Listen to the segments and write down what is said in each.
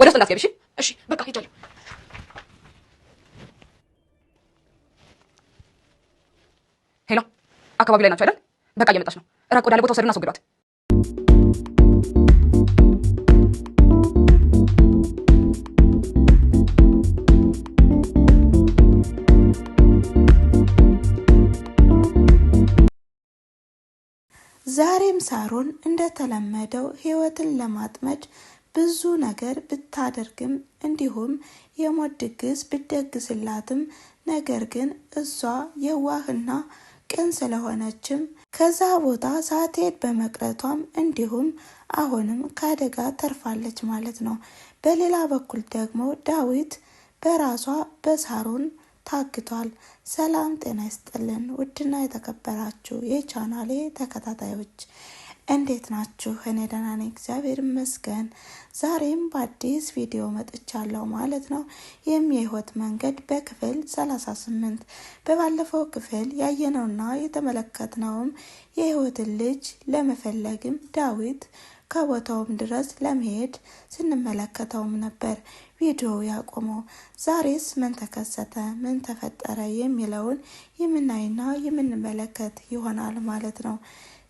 ወደ ውስጥ እንዳትገቢ። እሺ፣ በቃ ሄጃለሁ። ሄሎ፣ አካባቢ ላይ ናቸው አይደል? በቃ እየመጣች ነው። ራቅ ወዳለ ቦታ ወሰዱና አስወግዷት። ዛሬም ሳሮን እንደተለመደው ህይወትን ለማጥመድ ብዙ ነገር ብታደርግም እንዲሁም የሞት ድግስ ብደግስላትም ነገር ግን እሷ የዋህና ቅን ስለሆነችም ከዛ ቦታ ሳትሄድ በመቅረቷም እንዲሁም አሁንም ከአደጋ ተርፋለች ማለት ነው። በሌላ በኩል ደግሞ ዳዊት በራሷ በሳሮን ታግቷል። ሰላም ጤና ይስጥልን ውድና የተከበራችሁ የቻናሌ ተከታታዮች እንዴት ናችሁ? እኔ ደህና ነኝ፣ እግዚአብሔር ይመስገን። ዛሬም በአዲስ ቪዲዮ መጥቻለሁ ማለት ነው። ይህም የህይወት መንገድ በክፍል 38 በባለፈው ክፍል ያየነውና የተመለከትነውም የህይወትን ልጅ ለመፈለግም ዳዊት ከቦታውም ድረስ ለመሄድ ስንመለከተውም ነበር ቪዲዮ ያቆመው። ዛሬስ ምን ተከሰተ፣ ምን ተፈጠረ የሚለውን የምናይና የምንመለከት ይሆናል ማለት ነው።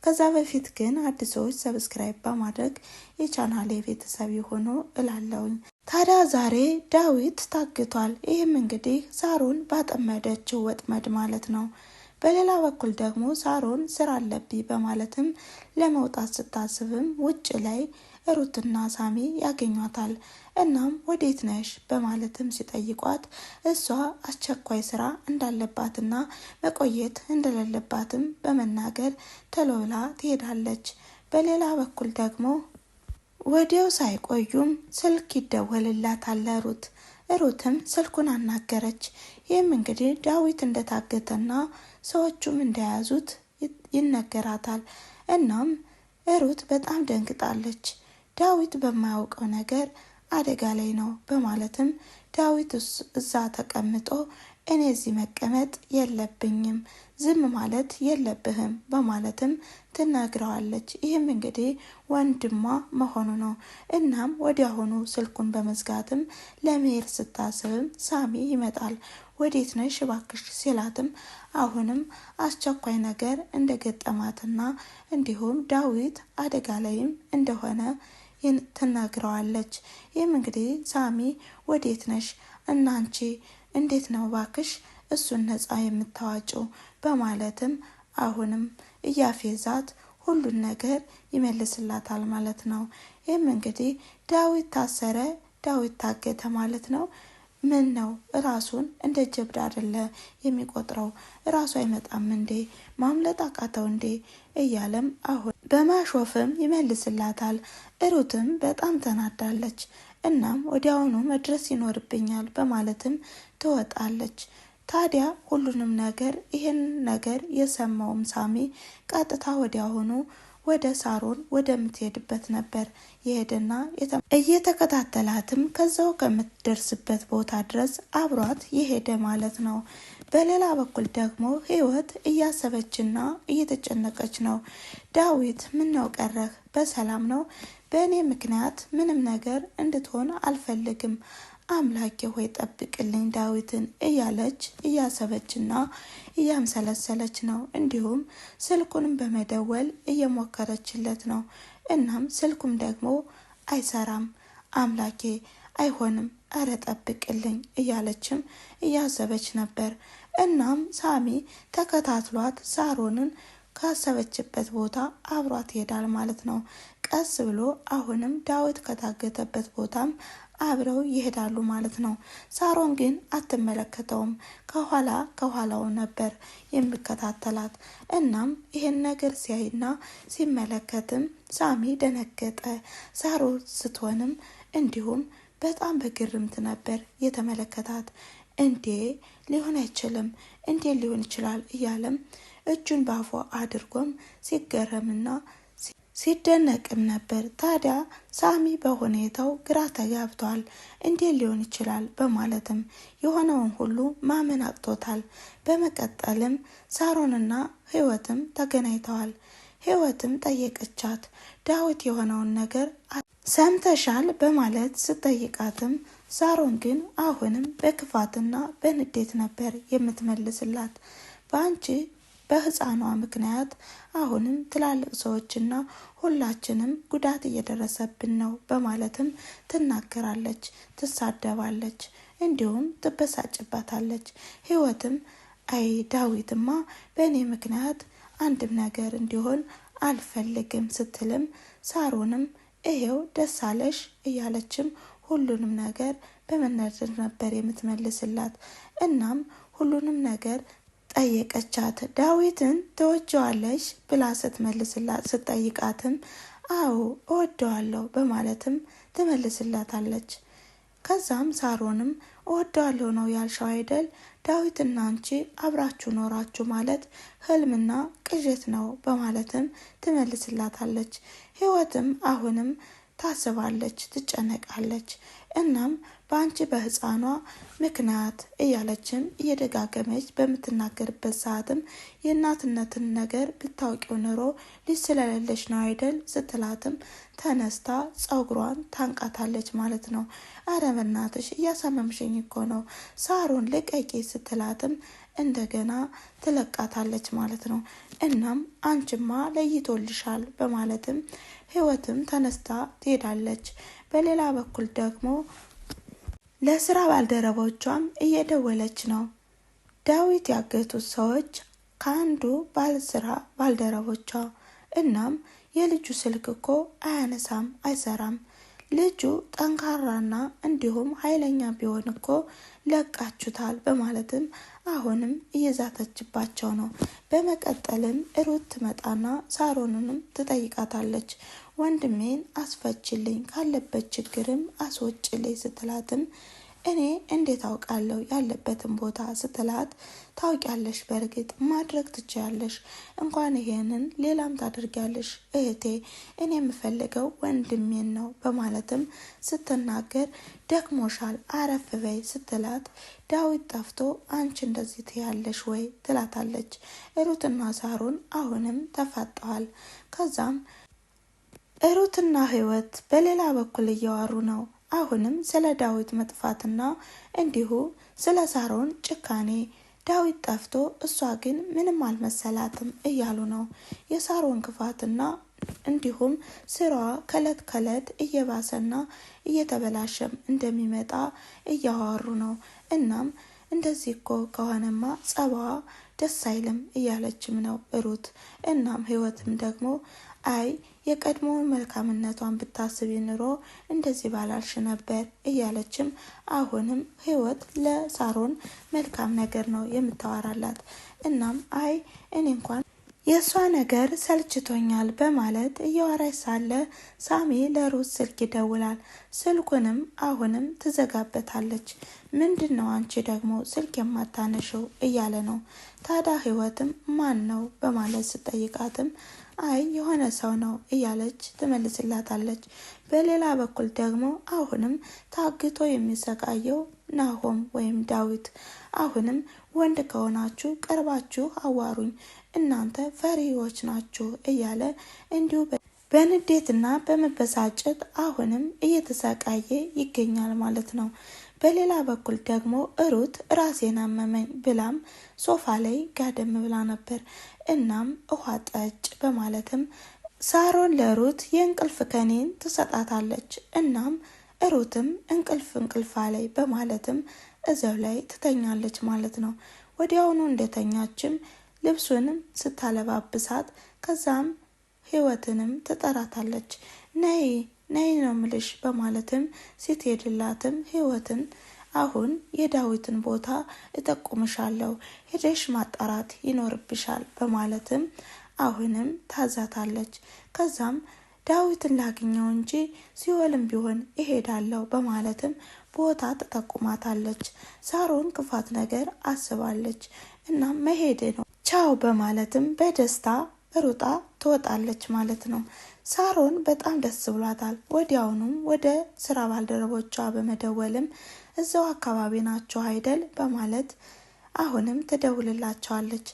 ከዛ በፊት ግን አዲሶች ሰብስክራይብ በማድረግ የቻናሌ ቤተሰብ የሆኑ እላለውኝ። ታዲያ ዛሬ ዳዊት ታግቷል። ይህም እንግዲህ ሳሮን ባጠመደችው ወጥመድ ማለት ነው። በሌላ በኩል ደግሞ ሳሮን ስራ አለብኝ በማለትም ለመውጣት ስታስብም ውጭ ላይ ሩትና ሳሚ ያገኟታል። እናም ወዴት ነሽ በማለትም ሲጠይቋት እሷ አስቸኳይ ስራ እንዳለባትና መቆየት እንደሌለባትም በመናገር ተሎላ ትሄዳለች። በሌላ በኩል ደግሞ ወዲያው ሳይቆዩም ስልክ ይደወልላታል ሩት ሩትም ስልኩን አናገረች። ይህም እንግዲህ ዳዊት እንደታገተና ሰዎቹም እንደያዙት ይነገራታል። እናም ሩት በጣም ደንግጣለች። ዳዊት በማያውቀው ነገር አደጋ ላይ ነው በማለትም ዳዊት እዛ ተቀምጦ እኔ እዚህ መቀመጥ የለብኝም፣ ዝም ማለት የለብህም በማለትም ትነግረዋለች። ይህም እንግዲህ ወንድሟ መሆኑ ነው። እናም ወዲያውኑ ስልኩን በመዝጋትም ለመሄድ ስታስብም ሳሚ ይመጣል። ወዴት ነሽ እባክሽ ሲላትም አሁንም አስቸኳይ ነገር እንደገጠማትና እንዲሁም ዳዊት አደጋ ላይም እንደሆነ ትናግረዋለች። ይህም እንግዲህ ሳሚ ወዴት ነሽ እናንቺ እንዴት ነው ባክሽ እሱን ነፃ የምታዋጭው በማለትም አሁንም እያፌዛት ሁሉን ነገር ይመልስላታል ማለት ነው። ይህም እንግዲህ ዳዊት ታሰረ፣ ዳዊት ታገተ ማለት ነው። ምን ነው ራሱን እንደ ጀብድ አደለ የሚቆጥረው? ራሱ አይመጣም እንዴ? ማምለጥ አቃተው እንዴ? እያለም አሁን በማሾፍም ይመልስላታል። እሩትም በጣም ተናዳለች። እናም ወዲያውኑ መድረስ ይኖርብኛል በማለትም ትወጣለች። ታዲያ ሁሉንም ነገር ይህን ነገር የሰማውም ሳሚ ቀጥታ ወዲያውኑ ወደ ሳሮን ወደምትሄድበት ነበር የሄደና እየተከታተላትም ከዛው ከምትደርስበት ቦታ ድረስ አብሯት የሄደ ማለት ነው። በሌላ በኩል ደግሞ ህይወት እያሰበችና እየተጨነቀች ነው። ዳዊት ምን ነው ቀረህ? በሰላም ነው? በእኔ ምክንያት ምንም ነገር እንድትሆን አልፈልግም አምላኬ ሆይ ጠብቅልኝ ዳዊትን እያለች እያሰበችና እያምሰለሰለች ነው። እንዲሁም ስልኩንም በመደወል እየሞከረችለት ነው። እናም ስልኩም ደግሞ አይሰራም። አምላኬ አይሆንም፣ እረ ጠብቅልኝ እያለችም እያሰበች ነበር። እናም ሳሚ ተከታትሏት ሳሮንን ካሰበችበት ቦታ አብሯት ይሄዳል ማለት ነው። ቀስ ብሎ አሁንም ዳዊት ከታገተበት ቦታም አብረው ይሄዳሉ ማለት ነው። ሳሮን ግን አትመለከተውም። ከኋላ ከኋላው ነበር የሚከታተላት። እናም ይህን ነገር ሲያይና ሲመለከትም ሳሚ ደነገጠ። ሳሮ ስትሆንም እንዲሁም በጣም በግርምት ነበር የተመለከታት። እንዴ ሊሆን አይችልም፣ እንዴ ሊሆን ይችላል እያለም እጁን ባፏ አድርጎም ሲገረምና ሲደነቅም ነበር። ታዲያ ሳሚ በሁኔታው ግራ ተጋብቷል። እንዴት ሊሆን ይችላል በማለትም የሆነውን ሁሉ ማመን አቅቶታል። በመቀጠልም ሳሮንና ህይወትም ተገናኝተዋል። ህይወትም ጠየቀቻት ዳዊት የሆነውን ነገር ሰምተሻል በማለት ስጠይቃትም ሳሮን ግን አሁንም በክፋትና በንዴት ነበር የምትመልስላት በአንቺ በህፃኗ ምክንያት አሁንም ትላልቅ ሰዎችና ሁላችንም ጉዳት እየደረሰብን ነው በማለትም ትናገራለች፣ ትሳደባለች፣ እንዲሁም ትበሳጭባታለች። ህይወትም አይ ዳዊትማ በእኔ ምክንያት አንድም ነገር እንዲሆን አልፈልግም ስትልም ሳሮንም ይሄው ደስ አለሽ እያለችም ሁሉንም ነገር በመናደድ ነበር የምትመልስላት። እናም ሁሉንም ነገር ጠየቀቻት። ዳዊትን ትወጀዋለሽ ብላ ስትመልስላት ስትጠይቃትም አዎ እወደዋለሁ በማለትም ትመልስላታለች። ከዛም ሳሮንም እወደዋለሁ ነው ያልሸው አይደል? ዳዊትና አንቺ አብራችሁ ኖራችሁ ማለት ህልምና ቅዠት ነው በማለትም ትመልስላታለች። ህይወትም አሁንም ታስባለች፣ ትጨነቃለች። እናም በአንቺ በህፃኗ ምክንያት እያለችም እየደጋገመች በምትናገርበት ሰዓትም የእናትነትን ነገር ብታውቂው ኑሮ ልጅ ስለሌለች ነው አይደል ስትላትም ተነስታ ፀጉሯን ታንቃታለች ማለት ነው። አረ በናትሽ እያሳመምሽኝ እኮ ነው ሳሩን ልቀቂ ስትላትም እንደገና ትለቃታለች ማለት ነው። እናም አንችማ ለይቶልሻል በማለትም ህይወትም ተነስታ ትሄዳለች። በሌላ በኩል ደግሞ ለስራ ባልደረቦቿም እየደወለች ነው። ዳዊት ያገቱት ሰዎች ከአንዱ ባልስራ ባልደረቦቿ እናም የልጁ ስልክ እኮ አያነሳም አይሰራም ልጁ ጠንካራና እንዲሁም ኃይለኛ ቢሆን እኮ ለቃችሁታል በማለትም አሁንም እየዛተችባቸው ነው። በመቀጠልም ሩት ትመጣና ሳሮንንም ትጠይቃታለች። ወንድሜን አስፈችልኝ፣ ካለበት ችግርም አስወጭልኝ ስትላትም እኔ እንዴት አውቃለሁ ያለበትን ቦታ ስትላት፣ ታውቂያለሽ፣ በእርግጥ ማድረግ ትችያለሽ፣ እንኳን ይሄንን ሌላም ታደርጊያለሽ እህቴ፣ እኔ የምፈልገው ወንድሜን ነው በማለትም ስትናገር፣ ደክሞሻል አረፍ በይ ስትላት፣ ዳዊት ጠፍቶ አንቺ እንደዚህ ትያለሽ ወይ ትላታለች። ሩትና ሳሮን አሁንም ተፋጠዋል። ከዛም ሩትና ህይወት በሌላ በኩል እያዋሩ ነው። አሁንም ስለ ዳዊት መጥፋትና እንዲሁ ስለ ሳሮን ጭካኔ ዳዊት ጠፍቶ እሷ ግን ምንም አልመሰላትም እያሉ ነው። የሳሮን ክፋትና እንዲሁም ስራዋ ከእለት ከእለት እየባሰና እየተበላሸም እንደሚመጣ እያዋሩ ነው። እናም እንደዚህ እኮ ከሆነማ ጸባዋ ደስ አይልም እያለችም ነው ሩት። እናም ህይወትም ደግሞ አይ የቀድሞውን መልካምነቷን ብታስቢ ኑሮ እንደዚህ ባላልሽ ነበር እያለችም አሁንም ህይወት ለሳሮን መልካም ነገር ነው የምታወራላት። እናም አይ እኔ እንኳን የእሷ ነገር ሰልችቶኛል በማለት እያወራች ሳለ ሳሚ ለሩት ስልክ ይደውላል። ስልኩንም አሁንም ትዘጋበታለች። ምንድን ነው አንቺ ደግሞ ስልክ የማታነሽው እያለ ነው። ታዲያ ህይወትም ማን ነው በማለት ስጠይቃትም አይ የሆነ ሰው ነው እያለች ትመልስላታለች። በሌላ በኩል ደግሞ አሁንም ታግቶ የሚሰቃየው ናሆም ወይም ዳዊት አሁንም ወንድ ከሆናችሁ ቀርባችሁ አዋሩኝ፣ እናንተ ፈሪዎች ናችሁ እያለ እንዲሁ በንዴትና በመበሳጨት አሁንም እየተሰቃየ ይገኛል ማለት ነው። በሌላ በኩል ደግሞ ሩት ራሴን አመመኝ ብላም ሶፋ ላይ ጋደም ብላ ነበር። እናም ውሃ ጠጭ በማለትም ሳሮን ለሩት የእንቅልፍ ከኔን ትሰጣታለች። እናም ሩትም እንቅልፍ እንቅልፋ ላይ በማለትም እዚያው ላይ ትተኛለች ማለት ነው። ወዲያውኑ እንደተኛችም ልብሱንም ስታለባብሳት ከዛም ህይወትንም ትጠራታለች ነይ ነይ ነው ምልሽ በማለትም ስትሄድላትም ህይወትን አሁን የዳዊትን ቦታ እጠቁምሻለሁ ሄደሽ ማጣራት ይኖርብሻል በማለትም አሁንም ታዛታለች። ከዛም ዳዊትን ላግኘው እንጂ ሲወልም ቢሆን እሄዳለሁ በማለትም ቦታ ተጠቁማታለች። ሳሮን ክፋት ነገር አስባለች እና መሄድ ነው ቻው በማለትም በደስታ ሩጣ ትወጣለች ማለት ነው። ሳሮን በጣም ደስ ብሏታል። ወዲያውኑም ወደ ስራ ባልደረቦቿ በመደወልም እዛው አካባቢ ናቸው አይደል በማለት አሁንም ትደውልላቸዋለች።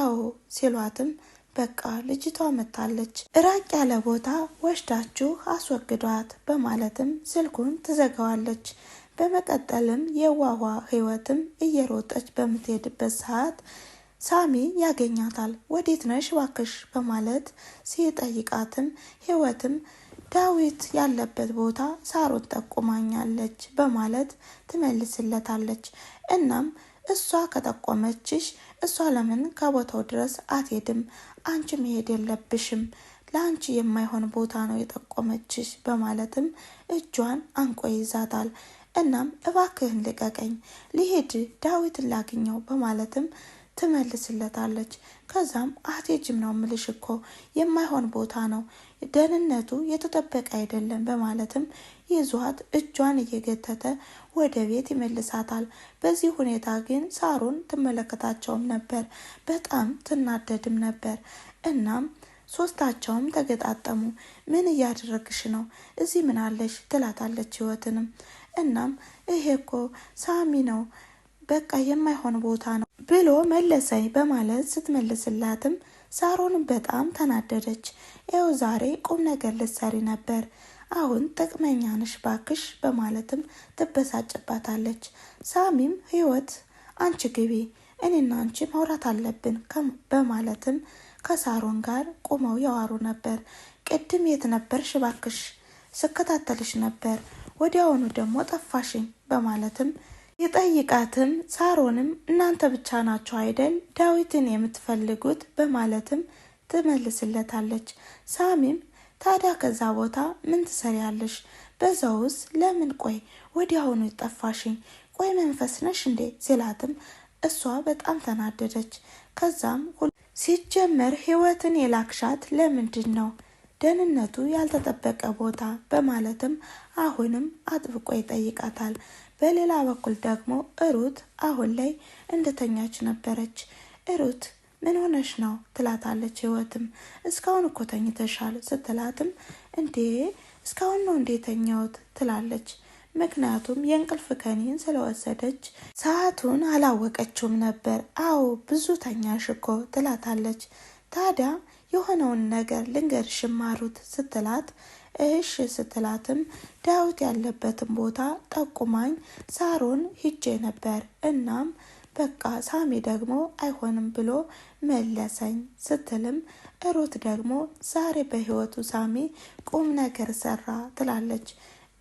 አዎ ሲሏትም በቃ ልጅቷ መታለች፣ ራቅ ያለ ቦታ ወስዳችሁ አስወግዷት በማለትም ስልኩን ትዘጋዋለች። በመቀጠልም የዋዋ ህይወትም እየሮጠች በምትሄድበት ሰዓት ሳሚ ያገኛታል። ወዴት ነሽ እባክሽ በማለት ሲጠይቃትም ህይወትም ዳዊት ያለበት ቦታ ሳሮን ጠቁማኛለች በማለት ትመልስለታለች። እናም እሷ ከጠቆመችሽ እሷ ለምን ከቦታው ድረስ አትሄድም? አንቺ መሄድ የለብሽም ለአንቺ የማይሆን ቦታ ነው የጠቆመችሽ በማለትም እጇን አንቆ ይዛታል። እናም እባክህን ልቀቀኝ፣ ሊሄድ ዳዊትን ላግኘው በማለትም ትመልስለታለች። ከዛም አትሄጂም ነው ምልሽ እኮ የማይሆን ቦታ ነው፣ ደህንነቱ የተጠበቀ አይደለም በማለትም ይዟት እጇን እየገተተ ወደ ቤት ይመልሳታል። በዚህ ሁኔታ ግን ሳሮን ትመለከታቸውም ነበር፣ በጣም ትናደድም ነበር። እናም ሶስታቸውም ተገጣጠሙ። ምን እያደረግሽ ነው? እዚህ ምን አለሽ? ትላታለች ህይወትንም። እናም ይሄ እኮ ሳሚ ነው፣ በቃ የማይሆን ቦታ ነው ብሎ መለሰኝ በማለት ስትመልስላትም ሳሮን በጣም ተናደደች። ይኸው ዛሬ ቁም ነገር ልትሰሪ ነበር አሁን ጥቅመኛ ነሽ ባክሽ በማለትም ትበሳጭባታለች። ሳሚም ህይወት አንቺ ግቢ እኔና አንቺ ማውራት አለብን በማለትም ከሳሮን ጋር ቁመው ያዋሩ ነበር። ቅድም የት ነበርሽ ባክሽ? ስከታተልሽ ነበር፣ ወዲያውኑ ደግሞ ጠፋሽኝ በማለትም ይጠይቃትም ሳሮንም እናንተ ብቻ ናችሁ አይደል ዳዊትን የምትፈልጉት በማለትም ትመልስለታለች። ሳሚም ታዲያ ከዛ ቦታ ምን ትሰሪያለሽ? በዛውስ ለምን ቆይ ወዲያውኑ ይጠፋሽኝ? ቆይ መንፈስ ነሽ እንዴ? ሲላትም እሷ በጣም ተናደደች። ከዛም ሲጀመር ህይወትን የላክሻት ለምንድን ነው ደህንነቱ ያልተጠበቀ ቦታ በማለትም አሁንም አጥብቆ ይጠይቃታል። በሌላ በኩል ደግሞ ሩት አሁን ላይ እንደተኛች ነበረች። እሩት ምን ሆነሽ ነው ትላታለች። ህይወትም እስካሁን እኮ ተኝተሻል ስትላትም እንዴ እስካሁን ነው እንዴ የተኛሁት ትላለች። ምክንያቱም የእንቅልፍ ከኒን ስለወሰደች ሰዓቱን አላወቀችውም ነበር። አዎ ብዙ ተኛሽ እኮ ትላታለች። ታዲያ የሆነውን ነገር ልንገር ሽማሩት ስትላት እሽ ስትላትም ዳዊት ያለበትን ቦታ ጠቁማኝ ሳሮን ሂጄ ነበር። እናም በቃ ሳሚ ደግሞ አይሆንም ብሎ መለሰኝ ስትልም እሮት ደግሞ ዛሬ በህይወቱ ሳሚ ቁም ነገር ሰራ ትላለች።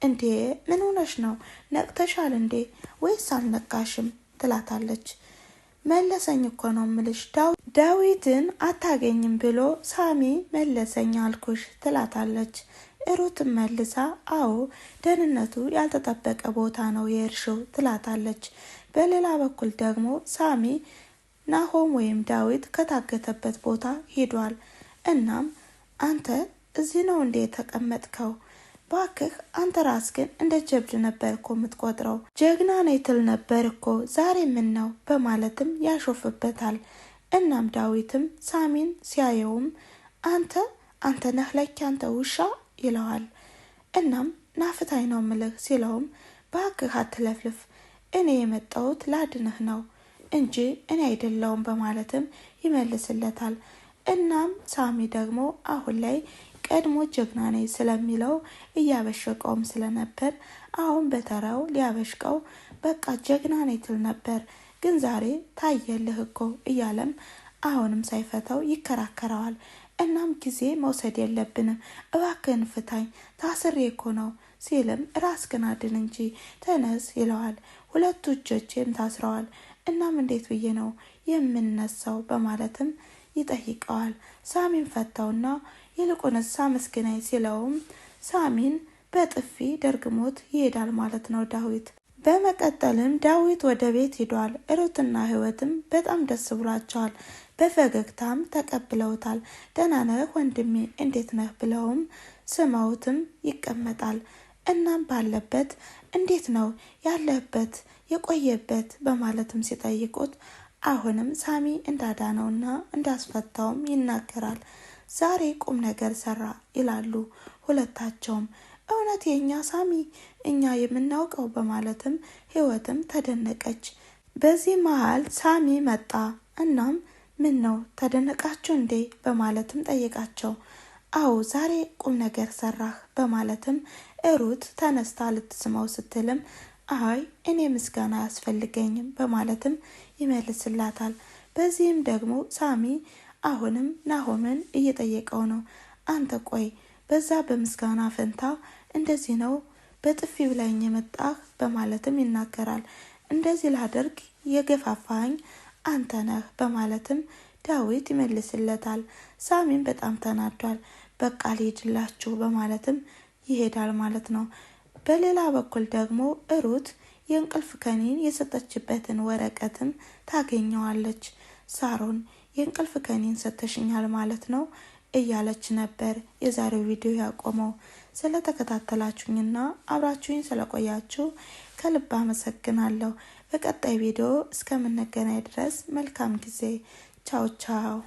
እንዴ ምን ሆነሽ ነው? ነቅተሻል እንዴ ወይስ አልነቃሽም? ትላታለች። መለሰኝ እኮ ነው ምልሽ ዳዊትን አታገኝም ብሎ ሳሚ መለሰኝ አልኩሽ ትላታለች። እሩትን መልሳ አዎ ደህንነቱ ያልተጠበቀ ቦታ ነው የእርሾው ትላታለች። በሌላ በኩል ደግሞ ሳሚ ናሆም ወይም ዳዊት ከታገተበት ቦታ ሂዷል። እናም አንተ እዚህ ነው እንዴ የተቀመጥከው ባክህ አንተ ግን እንደ ጀብድ ነበር እኮ የምትቆጥረው። ጀግና ነኝ ትል ነበር እኮ ዛሬ ምን ነው በማለትም ያሾፍበታል። እናም ዳዊትም ሳሚን ሲያየውም አንተ አንተ ነህ ለኪ አንተ ውሻ ይለዋል። እናም ናፍታይ ነው ምልህ ሲለውም ባክህ አትለፍልፍ፣ እኔ የመጣሁት ላድንህ ነው እንጂ እኔ አይደለውም በማለትም ይመልስለታል። እናም ሳሚ ደግሞ አሁን ላይ ቀድሞ ጀግና ነኝ ስለሚለው እያበሸቀውም ስለነበር አሁን በተራው ሊያበሽቀው በቃ ጀግና ነኝ ትል ነበር። ግን ዛሬ ታየልህ እኮ እያለም አሁንም ሳይፈታው ይከራከረዋል። እናም ጊዜ መውሰድ የለብንም እባክህን ፍታኝ፣ ታስሬ እኮ ነው ሲልም ግን አድን እንጂ ተነስ ይለዋል። ሁለቱ እጆቼም ታስረዋል። እናም እንዴት ብዬ ነው የምነሳው በማለትም ይጠይቀዋል። ሳሚን ፈታውና ይልቁንስ አመስግናኝ ሲለውም ሳሚን በጥፊ ደርግሞት ይሄዳል ማለት ነው ዳዊት። በመቀጠልም ዳዊት ወደ ቤት ሂዷል። እሮትና ህይወትም በጣም ደስ ብሏቸዋል። በፈገግታም ተቀብለውታል። ደህና ነህ ወንድሜ እንዴት ነህ ብለውም ስመውትም ይቀመጣል። እናም ባለበት እንዴት ነው ያለበት የቆየበት በማለትም ሲጠይቁት አሁንም ሳሚ እንዳዳነውና እንዳስፈታውም ይናገራል። ዛሬ ቁም ነገር ሰራ ይላሉ ሁለታቸውም። እውነት የእኛ ሳሚ እኛ የምናውቀው በማለትም ህይወትም ተደነቀች። በዚህ መሀል ሳሚ መጣ። እናም ምን ነው ተደነቃችሁ እንዴ በማለትም ጠየቃቸው። አዎ ዛሬ ቁም ነገር ሰራህ በማለትም እሩት ተነስታ ልትስመው ስትልም አይ እኔ ምስጋና አያስፈልገኝም በማለትም ይመልስላታል። በዚህም ደግሞ ሳሚ አሁንም ናሆምን እየጠየቀው ነው። አንተ ቆይ በዛ በምስጋና ፈንታ እንደዚህ ነው በጥፊ ብላኝ የመጣህ በማለትም ይናገራል። እንደዚህ ላደርግ የገፋፋኝ አንተ ነህ በማለትም ዳዊት ይመልስለታል። ሳሚም በጣም ተናዷል። በቃ ልሄድላችሁ በማለትም ይሄዳል ማለት ነው። በሌላ በኩል ደግሞ እሩት የእንቅልፍ ከኒን የሰጠችበትን ወረቀትም ታገኘዋለች። ሳሮን የእንቅልፍ ከኔን ሰተሽኛል ማለት ነው እያለች ነበር የዛሬው ቪዲዮ ያቆመው። ስለተከታተላችሁኝና አብራችሁኝ ስለቆያችሁ ከልብ አመሰግናለሁ። በቀጣይ ቪዲዮ እስከምንገናኝ ድረስ መልካም ጊዜ። ቻው ቻው።